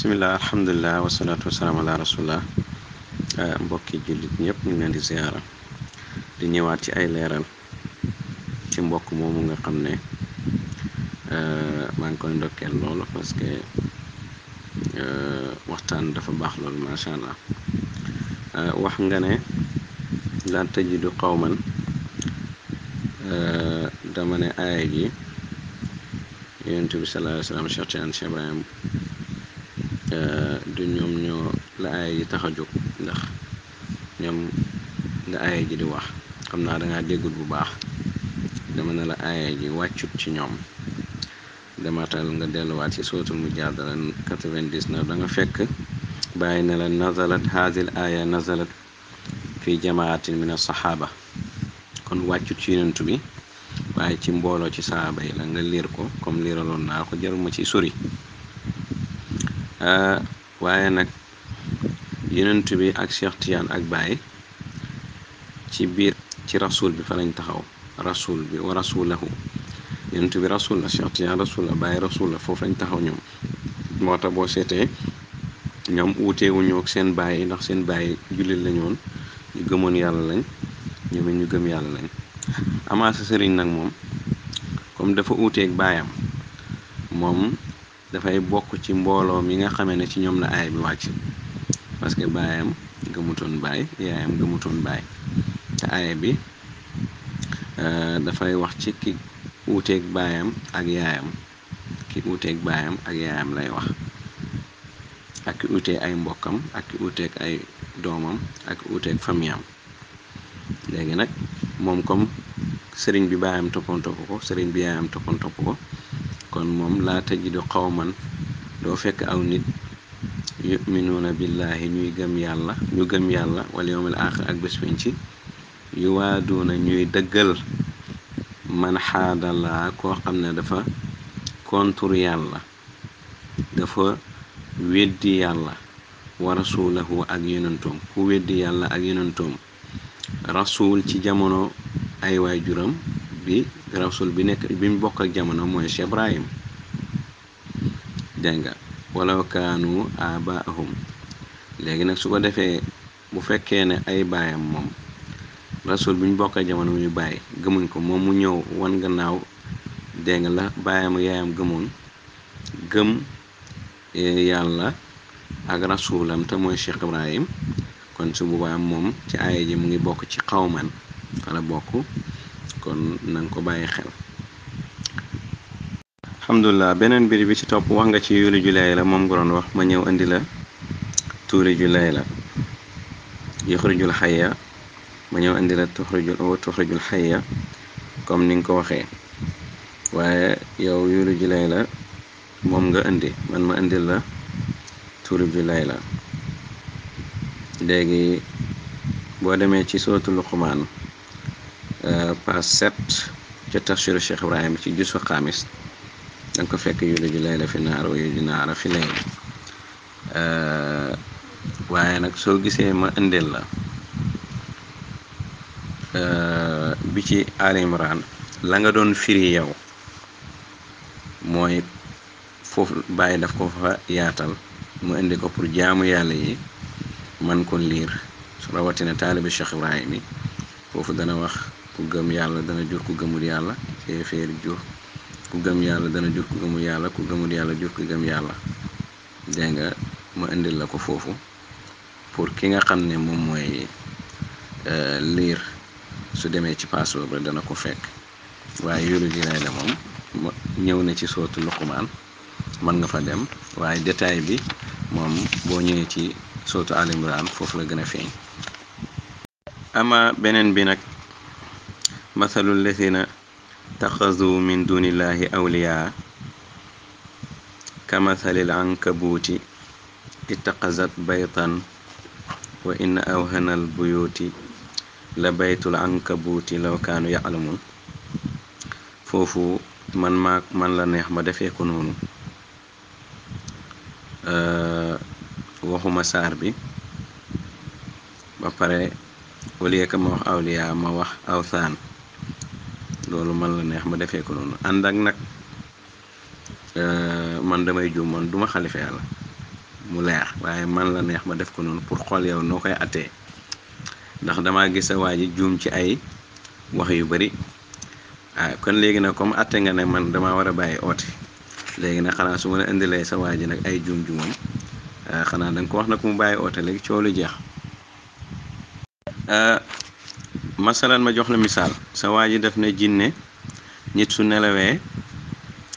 bisimilah alhamdulilah wasalaatu wasalaam ala rasulillah eh, mbokki jullit ñëpp ñu ngi leen di ziara di ñëwaat ci ay leeral ci mbokk moomu nga xam ne eh, maa ngi koy ndokkeel loolu parce que eh, waxtaan dafa baax lool macha allah wax nga ne laa tajidu qawman dama ne aaya ji yonent bi sallallahu alayhi wa du ñoom ñoo la aaya ji tax jóg ndax ñoom nga aaya ji di wax xam naa dangaa déggul bu baax dama ne la aaya ji wàccut ci ñoom dematal nga delluwaat ci sootul mu jaadala 99 da nga fekk bàyyi na la nazalat haazil aaya nazalat fi jamaatin min saxaaba kon wàccut ci yonent bi waaye ci mbooloo ci saaba yi la nga liir ko comme liiraloon naa ko jaruma ci sori Ah, waaye nag yeneentu bi ak Cheikh ak baay ci biir ci rasul bi fa lañ taxaw rasul bi wa rasulahu yonent bi rasul la Cheikh Tidiane rasul la Baye rasul la foofu lañ taxaw ñoom moo tax boo seetee ñoom uuteewuñu ak seen yi ndax seen baay jullit lañ woon ñu gëmoon yàlla lañ ñoom ñu gëm yàlla lañ amaasa sëriñ nag moom comme dafa uuteeg baayam moom dafay bokk ci mbooloo mi nga xamee ne ci ñoom la aay bi wàcc parce que baayam gëmutoon baay yaayam gëmutoon baay te aay bi euh, dafay wax ci ki wuuteeg baayam ak yaayam ki wuuteeg baayam ak yaayam lay wax ak ki wuuteeg ay mbokkam ak ki wuuteeg ay doomam ak wuuteeg famiyam léegi nag moom comme sëriñ bi baayam toppoon topp ko sëriñ bi yaayam toppoon topp ko kon moom laa tajidu xawman doo fekk aw nit yuminuuna billahi ñuy gëm yàlla ñu gëm yàlla wal yawmil axir ak bés pénc yu waaduuna ñuy dëggal man xaadalaa koo xam ne dafa kontur yàlla dafa weddi yàlla wa rasulahu ak yonentoom ku weddi yàlla ak yonentoom rasul ci jamono ay waajuram bi rasul bi nekk bi mu bokk ak jamono mooy Cheikh Ibrahim dégg nga walaw kaanu léegi nag su ko defee bu fekkee ne ay baayam moom rasul bi ñu bokk ak jamono ñu bàyyi gëmuñ ko moom mu ñëw wan gannaaw dégg la baayam yaayam gëmoon gëm e, yàlla ak rasulam te mooy Cheikh Ibrahim kon su boobaa moom ci aaya ji mu ngi bokk ci xawman fa la bokk kon na nga ko bàyyi xel alhamdulilah beneen mbir bi ci topp wax nga ci yuuli julaay la moom nga doon wax ma ñëw indi la tuuri julaay la yuxrijul xayya ma ñëw indi la tuxrijul wa tuxrijul comme ni nga ko waxee waaye yow yuuli la moom nga indi man ma indil la tuuri julaay la léegi boo demee ci sootu luqumaan page 7 ca tafsiru Cheikh Ibrahima ci jusu xaamis da nga ko fekk yuliju layla fi naar wa yuliju naara fi layla waaye nag soo gisee ma indil la bi ci Ali Imran la nga doon firi yow mooy foofu bàyyi daf ko fa yaatal mu indi ko pour jaamu yàlla yi man ko liir rawatina taalibi Cheikh Ibrahima yi foofu dana wax ku gëm yàlla dana jur ku gëmul yàlla féeféer jur ku gëm yàlla dana jur ku gëmul yàlla ku gëmul yàlla jur ku gëm yàlla dégg nga ma indil la ko foofu pour ki nga xam ne moom mooy euh, liir su demee ci paas dana ko fekk waaye yolu ji lay la moom ñëw na ci sootu luqumaan mën nga fa dem waaye détail bi moom boo ñëwee ci sootu Al foofu la gën a feeñ ama beneen bi nag مثل الذين اتخذوا من دون الله أولياء كمثل العنكبوت اتخذت بيتا وإن أوهن البيوت لبيت العنكبوت لو كانوا يعلمون فوفو من ما من لا نيه نعم ما defee ko noonu waxuma saar bi ba pare au lieu que ma wax awliya ma loolu man la neex ma defee ko noonu ànd ak nag euh, man damay juum man duma xalifee la mu leer waaye man la neex ma def ko noonu pour xool yow noo koy attee ndax damaa gis sa waaji ji juum ci ay wax yu bari ah kon léegi nag comme atte nga ne man damaa war a bàyyi oote léegi nag xanaa su ma la indilee sa waa ji nag ay juum juumam ah, xanaa da ko wax nag mu bàyyi oote léegi coow lu jeex ah, masalan ma jox la misaal sa waa ji def na jinne nit su nelawee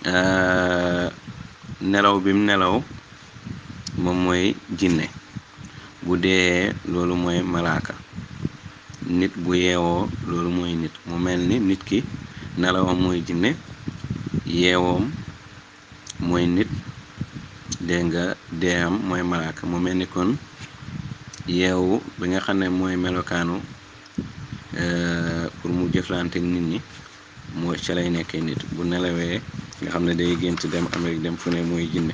euh, nelaw bi mu nelaw moom mooy jinne bu deeyee loolu mooy malaaka nit bu yeewoo loolu mooy nit mu mel ni nit ki nelawam mooy jinne yeewoom mooy nit dégg nga deeyam mooy malaaka mu mel ni kon yeewu bi nga xam ne mooy melokaanu Euh, pour mu jëflante nit ñi mooy ca lay nekkee nit bu nelawee nga xam ne day gént dem Amérique dem fu ne mooy jinne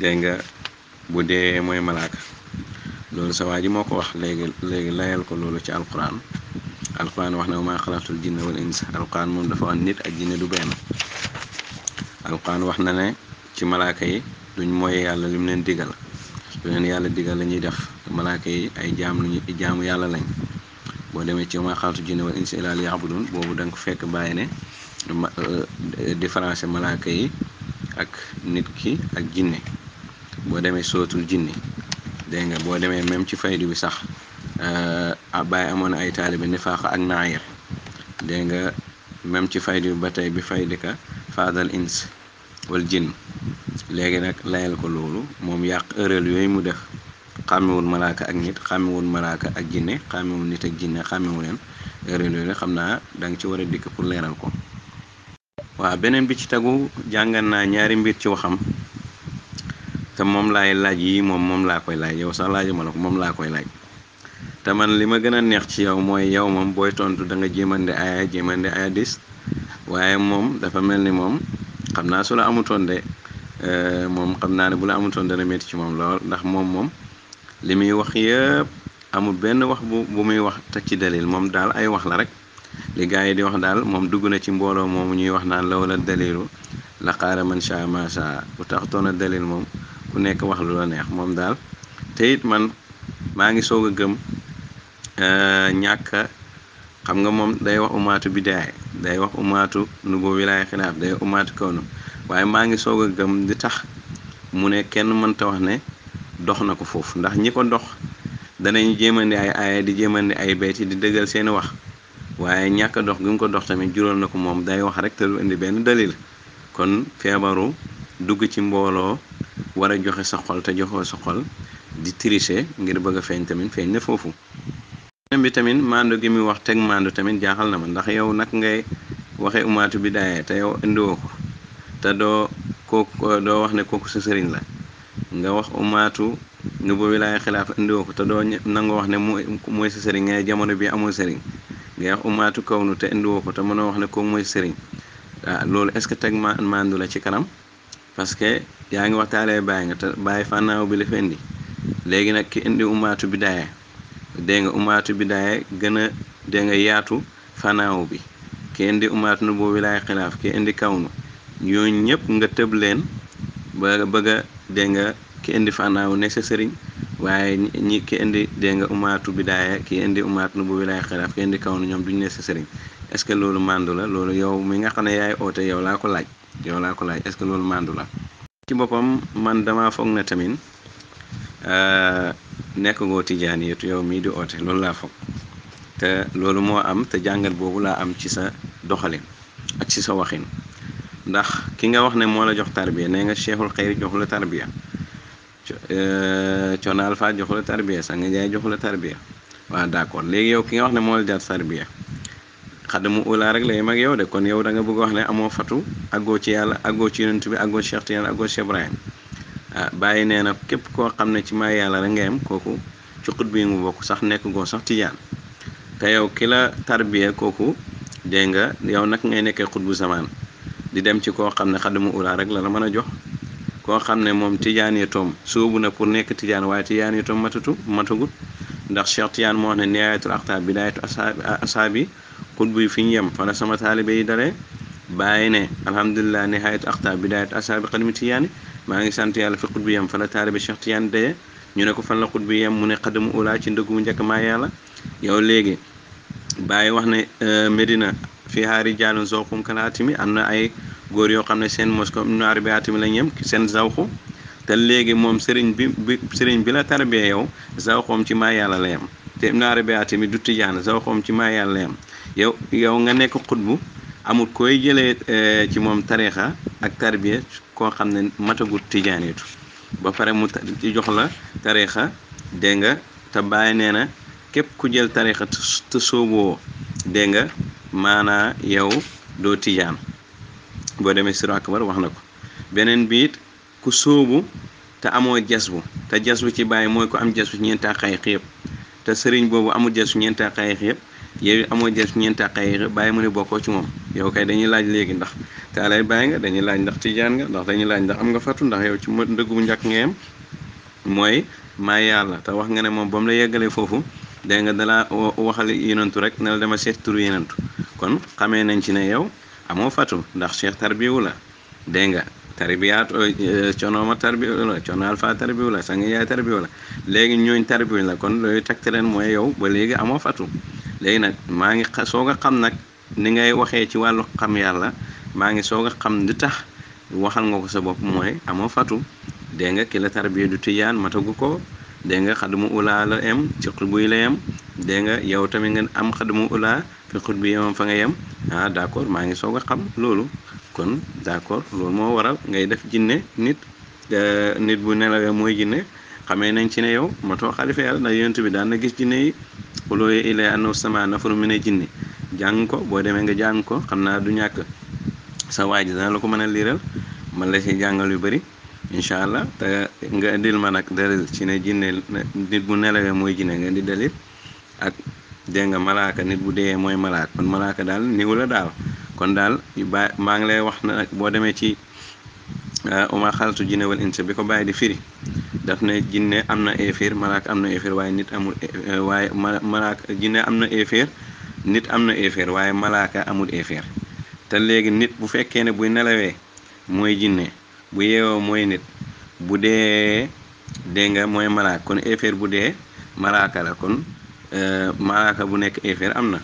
dégg nga bu dee mooy malaaka loolu sa waa ji moo ko wax léegi léegi layal ko loolu ci alquran alquran wax na wa maa xalaatul jinne wal insa alquran moom dafa wax nit ak jinne du benn alquran wax na ne ci malaaka yi duñ moy yàlla lim leen digal lu leen yàlla digal lañuy ñuy def malaaka yi ay jaam lañu jaamu yàlla lañ boo demee ci ma xaaltu jinne wal insi illa liya'budun boobu da ko fekk bàyyi ne euh, euh, différence malaaka yi ak nit ki ak jinne boo demee sootul jinne dégg nga boo demee même ci faydu bi sax euh, bàyyi amoon ay taalibe nifaaq ak naayir dégg nga même ci faydu bi ba tey bi faydika faadal ins wal jinn léegi nag layal ko loolu moom yàq erreur yooyu mu def xàmmewul malaaka ak nit xàmmewul malaaka ak jinne xàmmewul nit ak jinne xàmmewu leen réew yooyu xam naa danga ci war a dikk pour leeral ko waaw beneen bi ci tagu jàngal naa ñaari mbir ci waxam te moom laay laaj yi moom moom laa koy laaj yow sax laajuma la moom laa koy laaj te man li ma gën a neex ci yow mooy yow moom booy tontu da nga jéemande aaya jéemande aaya dis waaye moom dafa mel ni moom xam naa su la amutoon de euh, moom xam naa ne bu la amutoon dana métti ci moom lool ndax moom moom li muy wax yëpp amul benn wax bu bu muy wax teg ci dalil moom daal ay wax la rek li yi di wax daal moom dugg na ci mbooloo moomu ñuy wax naan lawla dalilu la qaala man shaa ma shaa bu taxutoon a dalil moom ku nekk wax lu la neex moom daal te it man maa ngi soog a gëm euh, ñàkk xam nga moom day wax umaatu bidaay day wax umaatu nubu wilaay xilaaf day umaatu kawnu waaye maa ngi soog a gëm di tax mu ne kenn mënta wax ne dox na ko foofu ndax ñi ko dox danañ jéemandi ay aaya di jéemandi ay beyti di dëggal seeni wax waaye ñàkk dox gi mu ko dox tamit jural na ko moom day wax rek te du indi benn dalil kon feebaru dugg ci mbooloo war a joxe sa xol te joxoo sa xol di tricher ngir bëgg a feeñ tamit feeñ na foofu. bi tamit maandu gi muy wax teg maandu tamit jaaxal na ma ndax yow nag ngay waxee umaatu bi daayee te yow indiwoo ko te doo kooku doo wax ne kooku sa sëriñ la. nga wax umaatu nga ba wilaaya xilaaf indiwoo ko te doo nangu wax ne mooy sa sëriñ ngay jamono bi amul sëriñ ngay wax umaatu kaw nu te indiwoo ko te mënoo wax ne ko mooy sëriñ waaw loolu est ce que teg ma mandu la ci kanam parce que yaa ngi waxtaalee baay nga te bàyyi fànnaaw bi la fi indi léegi nag ki indi umaatu bidaaya dégg nga umaatu bidaaya gën a dégg nga yaatu fànnaaw bi ki indi umaatu nu boo wilaaya xilaaf ki indi kaw nu ñooñu ñëpp nga tëb leen ba bëgg dégg nga ki indi fanaaw nekk sa sëriñ waaye ñi ki indi dégg nga umaatu bidaaya ki indi umaatu nu bu wilaay xiraaf ki indi kaw nu ñoom duñu nekk sa sëriñ est ce que loolu màndu la loolu yow mi nga xam ne yaay oote yow laa ko laaj yow laa ko laaj est ce que loolu màndu la ci boppam man damaa foog na tamit euh, nekk ngoo tijaan yetu yow mii di ote loolu laa foog te loolu moo am te jàngat boobu laa am ci sa doxalin ak ci sa waxin ndax ki nga wax ne moo la jox tarbiya nee nga cheikhul xayri joxu la tarbiya euh, coono alpha joxu la tarbiya sax nga jaay joxu la tarbiya waaw d'accord léegi yow ki nga wax ne moo la jar tarbiya mu ulaa rek la mag ak yow de kon yow da bëgg wax ne amoo fatu ago ci yàlla àggoo ci yonent bi àggoo Cheikh Tidiane àggoo Cheikh ah, bàyyi nee na képp koo xam ne ci may yàlla rek nga yem kooku ci xut bi mu bokk sax nekk goo sax Tidiane te yow ki la tarbiya kooku dégg nga yow nag ngay nekkee xut bu zamaan di dem ci koo xam ne xadama ula rek la la mën a jox koo xam ne moom tijaani toom soobu na pour nekk tijaan waaye tijaani toom matatu matagut ndax Cheikh Tijaan moo wax ne nihaayatul aqtaab bidaayatu asaabi xutbu fi ñu yem fala sama taalibe yi dalee bàyyi ne alhamdulilah nihaayatu aqtaab bidaayatu asaabi xadmi tijaani maa ngi sant yàlla fi xutbu yem fala taalibe Cheikh Tijaan dee ñu ne ko fan la xutbu yem mu ne xadamu ula ci ndëggu mu njëkk maa yàlla yow léegi bàyyi wax ne euh, Medina. fiihaa rijaalun zawqum kal atimi am na ay góor yoo xam ne seen mosko ko ibnu arabi atimi la seen zawqu te léegi moom sëriñ bi bi sëriñ bi la tarbee yow zawqoom ci maa yàlla la yem te ibnu arabi atimi du tijaan zawqoom ci maa yàlla la yem yow yow nga nekk xutbu amul koy jëlee eh, ci moom tarixa ak tarbiya koo xam ne matagut tijaanitu ba pare mu jox la tarixa dégg nga te bàyyi nee na képp ku jël tarixa te sooboo dégg maanaa yow doo tijaan boo demee siru akbar wax na ko beneen biit ku sóobu te amoo jasbu te jasbu ci bàyyi mooy ko am jasbu ci ñeenti àqaay xépp te sëriñ boobu amul jasbu ñeenti àqaay xépp yow amoo jasbu ñeenti àqaay xépp bàyyi mu ne bokkoo ci moom yow kay dañuy laaj léegi ndax taalay bàyyi nga dañuy laaj ndax tijaan nga ndax dañuy laaj ndax am nga fatu ndax yow ci ndëggu njàkk nga yem mooy maa yàlla te wax nga ne moom ba mu la yeggalee foofu dégg nga dalaa waxal yenentu rek ne la dama seet turu kon xamee nañ ci ne yow amoo fatu ndax cheikh tarbiwu la dégg nga tarbiyaat euh, euh, conooma tarbiwu la cono alfa tarbiwu la sanga yaay la léegi ñooñ tarbiwu la kon looyu tegtaleen mooy yow ba léegi amoo fatu léegi nag maa ngi soog a xam nag ni ngay waxee ci wàllu xam yàlla maa ngi soog a xam di tax waxal nga ko sa bopp mooy amoo fatu dégg nga ki la tarbiya du tijaan matagu ko dégg nga xadmu ulaa la yem ci xutbu yi la yem dégg nga yow tamit nga am xadmu ulaa fi xutbu yi fa nga yem ah d' accord maa ngi soog a xam loolu kon d' accord moo waral ngay def jinne nit euh, nit bu nelawee mooy jinne xamee nañ ci ne yow matoo xalifa yàlla ndax yonent bi daan na gis jinne yi xulooye ilay annahu sama nafaru mu ne jinni jàng ko boo demee nga jàng ko xam naa du ñàkk sa waa ji dana la ko mën a liiral man la si jàngal yu bari incha allah te nga indil ma nag dalil ci ne jinne nit bu nelawee mooy jinne nga di dalil ak dégg nga malaaka nit bu deeyee mooy malaaka kon malaaka daal niwu la daal kon daal ba maa ngi lay wax na nag boo demee ci euh, uma xaltu jinne wal insa bi ko bàyyi di firi daf ne jinne am na éeféer malaaka am na éeféer waaye nit amul euh, waaye malaaka jinne am na éeféer nit am na éeféer waaye malaaka amul éeféer te léegi nit bu fekkee ne buy nelawee mooy jinne bu yeewoo mooy nit bu dee dégg nga mooy malaaka kon éféer bu dee malaaka la kon euh, malaaka bu nekk éféer am na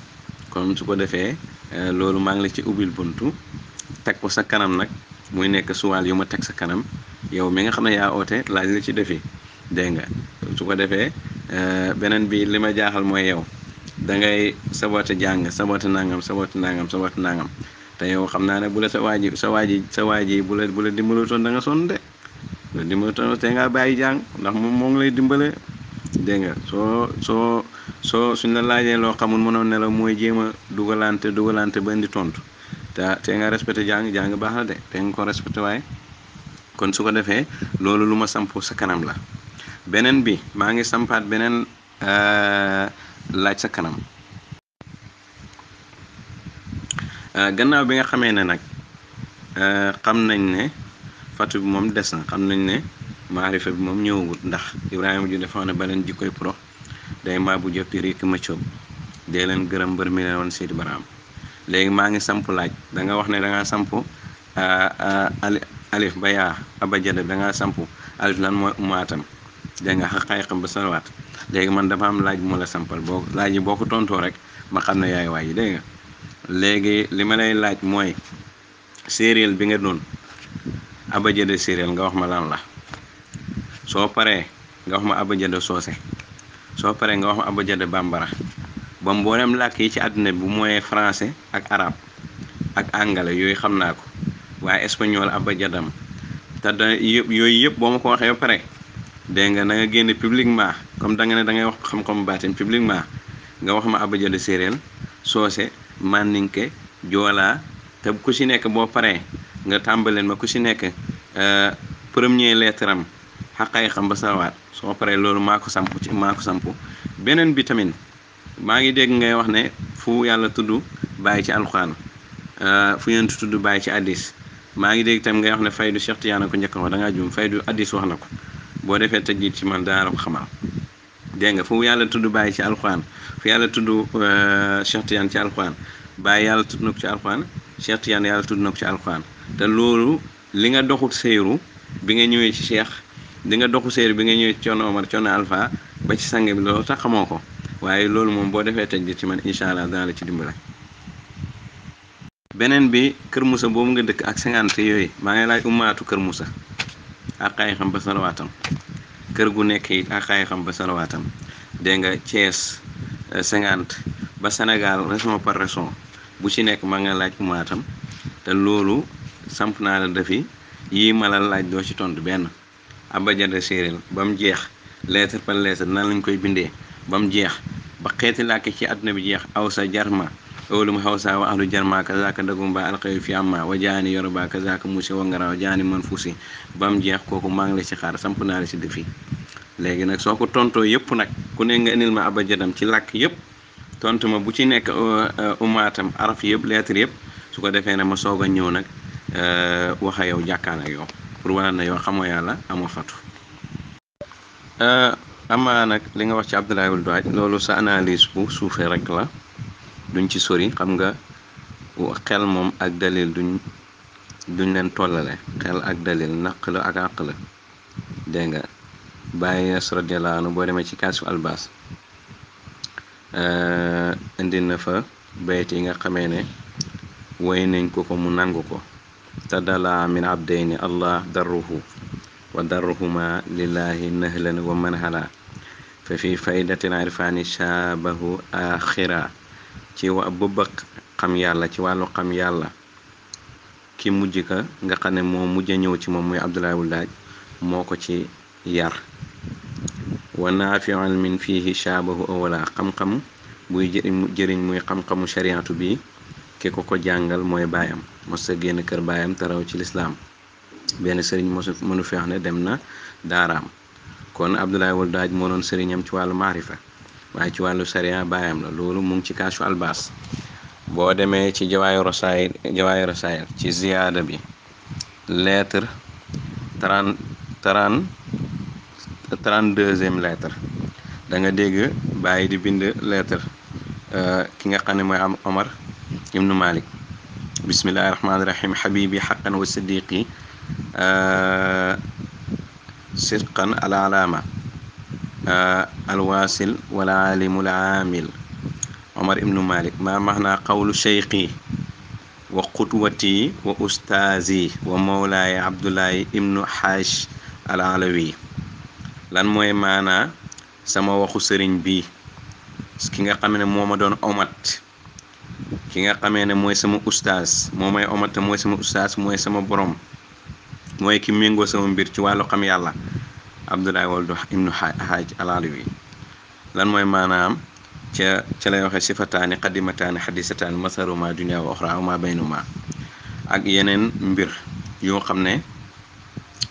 kon su ko defee euh, loolu maa ngi la ci ubbil buntu teg ko sa kanam nag muy nekk suwaal yu ma teg sa kanam yow mi nga xam ne yaa oote laaj la ci defi dégg nga su ko defee euh, beneen bi li ma jaaxal mooy yow da ngay sabote jàng sabote nangam sabote nangam sabote nangam te yow xam naa ne bu la sa waa ji sa waa ji sa waa ji bu la bu la dimbalatoon danga nga sonn de te ngaa bàyyi jàng ndax moom moo ngi lay dimbale dégg nga soo soo soo suñ la laajee loo xamul mënoon ne la mooy jéem a dugalante dugalante ba indi tontu te te nga respecté jàng jàng baax na de te nga ko respecte waaye kon su ko defee loolu lu ma samp sa kanam la beneen bi maa ngi sampaat beneen euh, laaj sa kanam Euh, gannaaw bi nga xamee ne nag euh, xam nañ ne fatu bi moom des na xam nañ ne maarifa bi moom ñëwagul ndax ibrahima ju dafa ne ba leen jikkoy pro day maa bu joppi rik ma coob dee leen gërëm mbër mi leen woon Seydi Baraam léegi maa ngi samp laaj da nga wax ne da ngaa samp euh, alif ba yaa abajada da ngaa samp alif lan mooy umaatam dégg nga xaqaay xam ba salawaat léegi man dama am laaj mu la sampal boo laaj yi boo ko tontoo rek ma xam ne yaay waay yi dégg nga léegi li ma lay laaj mooy séeréel bi nga doon abajada séeréel nga wax ma lan la soo paree nga wax ma abajada soose soo paree nga wax ma abajada bambara ba mboolem làkk yi ci àdduna bi bu mooy français ak arabe ak anglais yooyu xam naa ko waaye espagnol abajadam te da yëpp yooyu yëpp boo ma ko waxee ba pare dégg nga na nga génn publiquement comme da nga ne da ngay wax xam-xam baatin publiquement nga wax ma abajada séeréel soose màndinke joolaa te ku ci nekk boo paree nga tàmbaleen ma ku si nekk euh, premier lettre am xaqay xam ba sawaat soo paree loolu maa ko samp ci maa ko samp beneen bi tamit maa ngi dégg ngay wax ne fu yàlla tudd bàyyi ci alxuraan euh, fu yéen tudd bàyyi ci addis maa ngi dégg tam ngay wax ne faydu Cheikh Tidiane ko njëkk wax da ngaa fay faydu addis wax na ko boo defee tëjjit ci man daara ko xamal dégg nga fu yàlla tudd bàyyi ci alxuraan fu yàlla tudd euh, Cheikh Tidiane ci alxuraan bàyyi yàlla tudd na ci alxuraan Cheikh yàlla tudd nag ci alxuraan te loolu li nga doxut séeru bi nga ñëwee ci Cheikh li nga doxu séeru bi nga ñëwee ci Thierno Omar Thierno ba ci sang bi loolu sax xamoo ko waaye loolu moom boo defee tëj bi ci man incha allah dana la ci dimbale. beneen bi Kër musa boobu nga dëkk ak 50 yooyu maa ngi laaj ummaatu Kër musa ak xam kër gu nekk yi ak xaayixam ba salawaatam dégg nga Thiès euh, cinquante ba Sénégal région par région bu ci nekk ma nga laaj umaatam te loolu samp naa la defi yii ma la laaj doo ci tontu benn abajada séeréel ba mu jeex lettre par lettre nan lañ koy bindee ba mu jeex ba xeeti làkk ci àdduna bi jeex aw sa jarma olumu hausawa ahlu jarma kazaka dagumba alxawi fi amma wa jaani yoroba kazaka muusi wangara wa jaani man fuusi ba mu jeex kooku maa ngi la ci xaar samp naa la ci defi léegi nag soo ko tontoo yëpp nag ku nekk nga indil ma abajadam ci lakk yëpp tontu ma bu ci nekk uh, uh, umaatam araf yëpp lettre yëpp su ko defee ne ma soog a ñëw nag uh, wax a yow jàkkaan pour wane na yow xamoo yàlla amoo fatu amaa nag li nga wax ci Abdoulaye Wade loolu sa analyse bu suufee rek la duñ ci sori xam nga xel moom ak dalil duñ duñ leen tollale xel ak dalil naq la ak àq la dégg nga bàyyi nas radiallahu anhu boo demee ci kaasu albas euh, indi na fa bayt yi nga xamee ne woy nañ ko ko mu nangu ko tadala min abdayni allah darruhu wa darruhuma lillahi nahlan wa manhala fa fi faydati irfani shaabahu axira ci wa bëgg xam yàlla ci wàllu xam yàlla ki mujj ka nga xam ne moo mujj a ñëw ci moom muy Abdullahi Wulaaj moo ko ci yar wa naafiun min fiihi shaabahu awala xam-xam buy jëriñ muy xam-xamu shariatu bi ki ko ko jàngal mooy baayam mos génn kër baayam taraw ci lislaam benn sëriñ mosu mënu feex ne dem na daaraam kon Abdullahi daaj moo doon sëriñam ci wàllu maarifa waaye ci wàllu sariya baayam la loolu mu ngi ci kaasu albas boo demee ci jawaayu rasaayil ci ziyaada bi lettre trente trente trente deuxième danga dégg bàyyi di bind lettre euh, ki nga xam ne mooy am Omar ibnu Malik bismillahi rahmaani xaqan wa siddiqi euh, sidqan ala alwasil walaalimu laamil omar ibnu malik maa maxnaa qawlu cheykhi wa qutwati wa ustaazi wa mawlaaye abdoulaye ibnu xaaj al lan mooy maanaa sama waxu sëriñ bi ki nga xam ne moo ma doon omat ki nga xamee ne mooy sama ustaas moo may omat te mooy sama ustaas mooy sama borom mooy ki méngoo sama mbir ci wàllu xam yàlla Abdoulaye Wald ibnu Haaj al-Alawi lan mooy maanaam ca ca lay waxee sifataani xadimataani xadisataani masaruma dunia wa oxra ma baynuma ak yeneen mbir yoo xam ne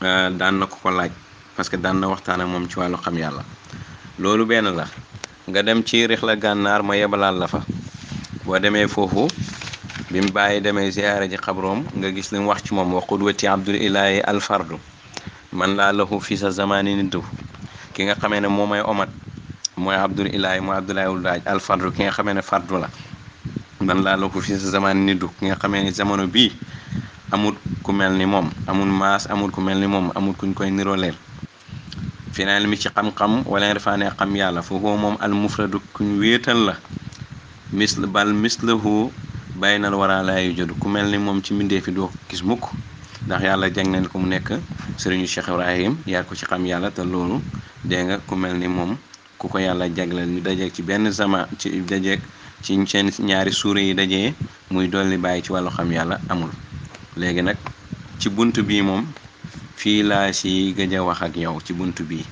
euh, daan na ko ko laaj parce que daan na waxtaan ak moom ci wàllu xam yàlla loolu benn la nga dem ci rix la gànnaar ma yebalaal la fa boo demee foofu bi mu bàyyi demee ziyaara ji xabroom nga gis li wax ci moom wa qudwati abdul ilaahi alfardu man laa lahu fii sa zamaani niddu ki nga xamee ne moom may omat mooy abdul ilaahi mooy abdoulahi wul daaj al faddu ki nga xamee ne faddu la man laa lahu fii sa zamaani niddu ki nga xamee ne jamono bii amul ku mel ni moom amul maas amul ku mel ni moom amul kuñ koy nirooleel final mi ci xam-xam wala refaane xam yàlla foofu moom al mufradu kuñ wéetal la misl bal mislahu bàyyi nal waraalaay yu jodu ku mel ni moom ci mbindee fi doo gis mukk ndax yàlla jagleel ko mu nekk seriñu Cheikh Ibrahim yaa ko ci xam yàlla te loolu dégg nga ku mel ni moom ku ko yàlla jagleel ñu dajeeg ci benn zama ci dajeeg ci seen ñaari suure yi dajee muy dolli bàyyi ci wàllu xam yàlla amul léegi nag ci bunt bii moom fii laa si gëj wax ak yow ci bunt bii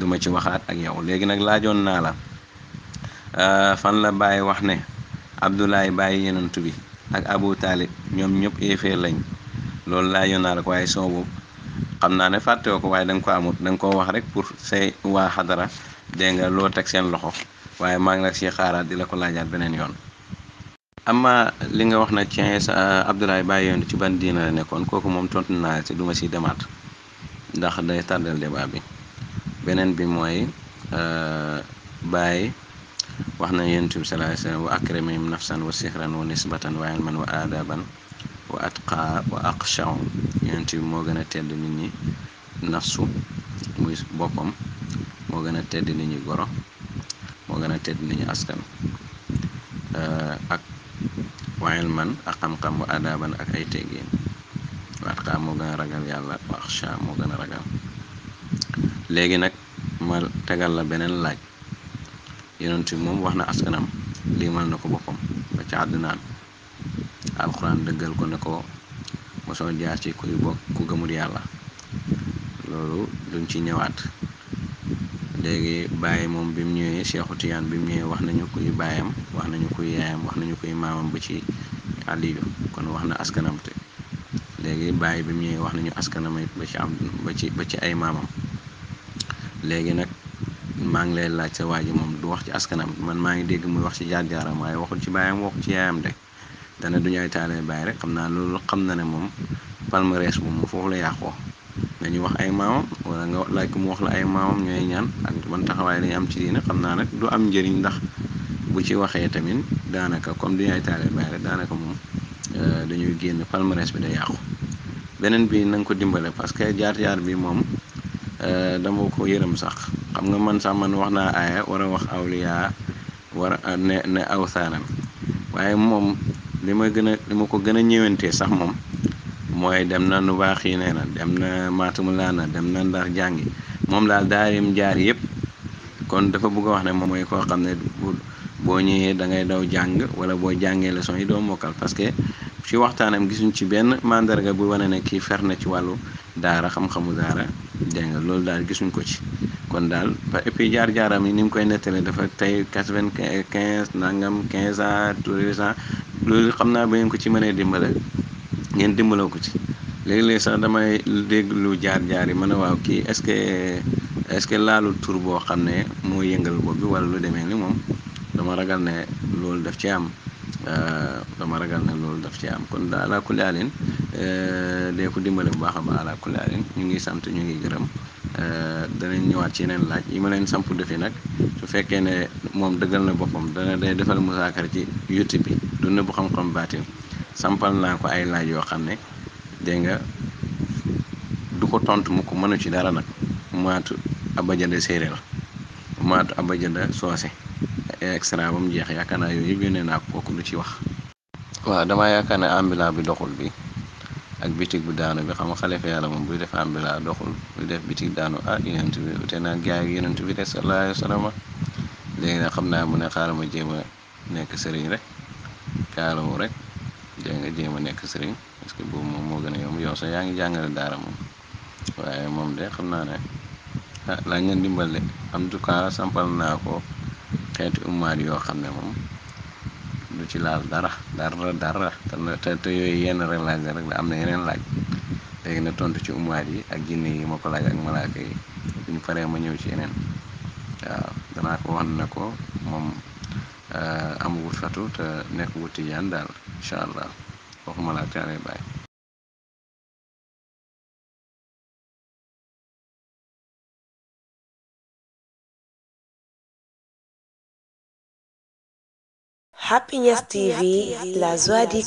duma ci waxaat ak yow léegi nag laajoon naa la euh, fan la Baye wax ne Abdoulaye Baye yenantu bi ak Abu Taalib ñoom ñëpp éeféer lañ loolu laajoon naa la ko waaye son xam naa ne fàttewoo ko waaye da ko amut da nga koo wax rek pour say waa xadara dégg nga loo teg seen loxo waaye maa ngi la si xaaraat di la ko laajaat beneen yoon. ama li nga wax na ci Abdoulaye Baye yoon ci ban diina la nekkoon kooku moom tontu naa ci duma si demaat ndax day tardel débat bi beneen bi mooy euh, Baye. wax na yonent bi sallallahu alayhi wa sallam wa akramihim nafsan wa sihran wa nisbatan wa ilman wa aadaban wa atqaa wa aqchaw yonent bi moo gën a tedd nit ñi nafsu muy boppam moo gën a tedd nit ñi goro moo gën a tedd nit ñi askan ak waayel man ak xam-xam wa adaaban ak ay teggeen wa atqaa moo gën a ragal yàlla wa aqcha moo gën a ragal léegi nag ma tegal la beneen laaj yonent bi moom wax na askanam liimal na ko boppam ba ci àddinaan alxuraan dëggal ko ne ko mosoo jaar ci kuy bokk ku gëmul yàlla loolu duñ ci ñëwaat léegi bàyyi moom bi mu ñëwee Seexu Tijaan bi mu ñëwee wax nañu koy baayam wax nañu kuy yaayam wax nañu kuy maamam ba ci Aliyu kon wax na askanam léegi bàyyi bi mu ñëwee wax nañu askanam it ba ci am ba ci ba ci ay maamam léegi nag maa ngi lay laaj sa waa moom du wax ci askanam man maa ngi dégg muy wax ci jaar jaaram waaye waxul ci baayam waxul ci yaayam de dana duñu ay taale bàyyi rek xam naa loolu xam na ne moom palmarès bu mu foofu la yàqoo dañuy wax ay maamam wala nga laaj ko mu wax la ay maamam ñooy ñaan ak man taxawaay lañu am ci diine xam naa du am njëriñ ndax bu ci waxee tamit daanaka comme duñu ay taale bàyyi rek daanaka moom euh, dañuy génn palmarès bi day yàqu beneen bi na ko dimbale parce que jaar-jaar bi moom euh, dama ko yërëm sax xam nga man sax man wax naa aaya war a wax awliyaa war a ne ne awsaanan waaye moom li ma gën a li ma ko gën a ñëwantee sax moom mooy dem na nu baax yi nee na dem na maatamu na dem na ndax jàngi moom daal daarim jaar yëpp kon dafa bugg a wax ne moom mooy koo xam ne boo ñëwee da ngay daw jàng wala boo jàngee leçon yi doo mokkal parce que ci waxtaanam gisuñ ci benn màndarga bu wane ne kii fer na ci wàllu daara xam-xamu daara dégg nga loolu daal gisuñ ko ci kon daal ba et puis jaar-jaaram yi ni mu koy nettalee dafa tey quatre-vingt-quinze nangam quinze ans tourisant loolu xam naa ba ngeen ko ci mënee dimbale ngeen dimbale ko ci léegi léeg sax damay dégg lu jaar jaar yi ma ne waaw kii est-ce que est-ce que laalul tur boo xam ne moo yëngal bopp bi wala lu demee ni moom dama ragal ne loolu daf ci am euh, dama ragal ne loolu daf ci am kon daal alaa kulli haalin euh, dee ku dimbale bu baax a baax alaa kulli haalin ñu ngi sant ñu ngi gërëm euh, danañ ñëwaat ci yeneen laaj yi ma leen samp defi nag su fekkee ne moom dëggal na boppam dana day defal musaakar ci YouTube bi. du nëbbu xam-xam baatin sampal naa ko ay laaj yoo xam ne dégg nga du ko tontu mu ko mënu ci dara nag maatu abajada séeréer maatu abajada soose extra ba mu jeex yaakaar naa yooyu yëpp yónnee naa ko kooku lu ci wax. waaw damaa yaakaar ne ambila bi doxul bi ak bitig bu daanu bi xam nga xale fa yàlla moom buy def ambila doxul buy def bitig daanu ah yonent bi bi de sallallahu alayhi wa sallam léegi nag xam naa mu ne xaaral ma jéem nekk sëriñ rek. kaalawu rek dégg nga jéem a nekk sëriñ parce que boobu moom moo gën a yomb yow sax yaa ngi jàngale daara moom waaye moom de xam naa ne ah lañ leen dimbale en tout cas sampal naa ko xeeti ummaat yoo xam ne moom lu ci laal dara dara dara te te yooyu yenn rek laaj la rek la am na yeneen laaj léegi na tontu ci ummaat yi ak jinne yi ma ko laaj ak malaaka yi bu ñu paree ma ñëw ci yeneen waaw danaa ko wax na ko moom. Euh, amagul fatu te nekk gu tijaan daal incha allah waxuma laa caaree bàyyi Happiness TV, la joie du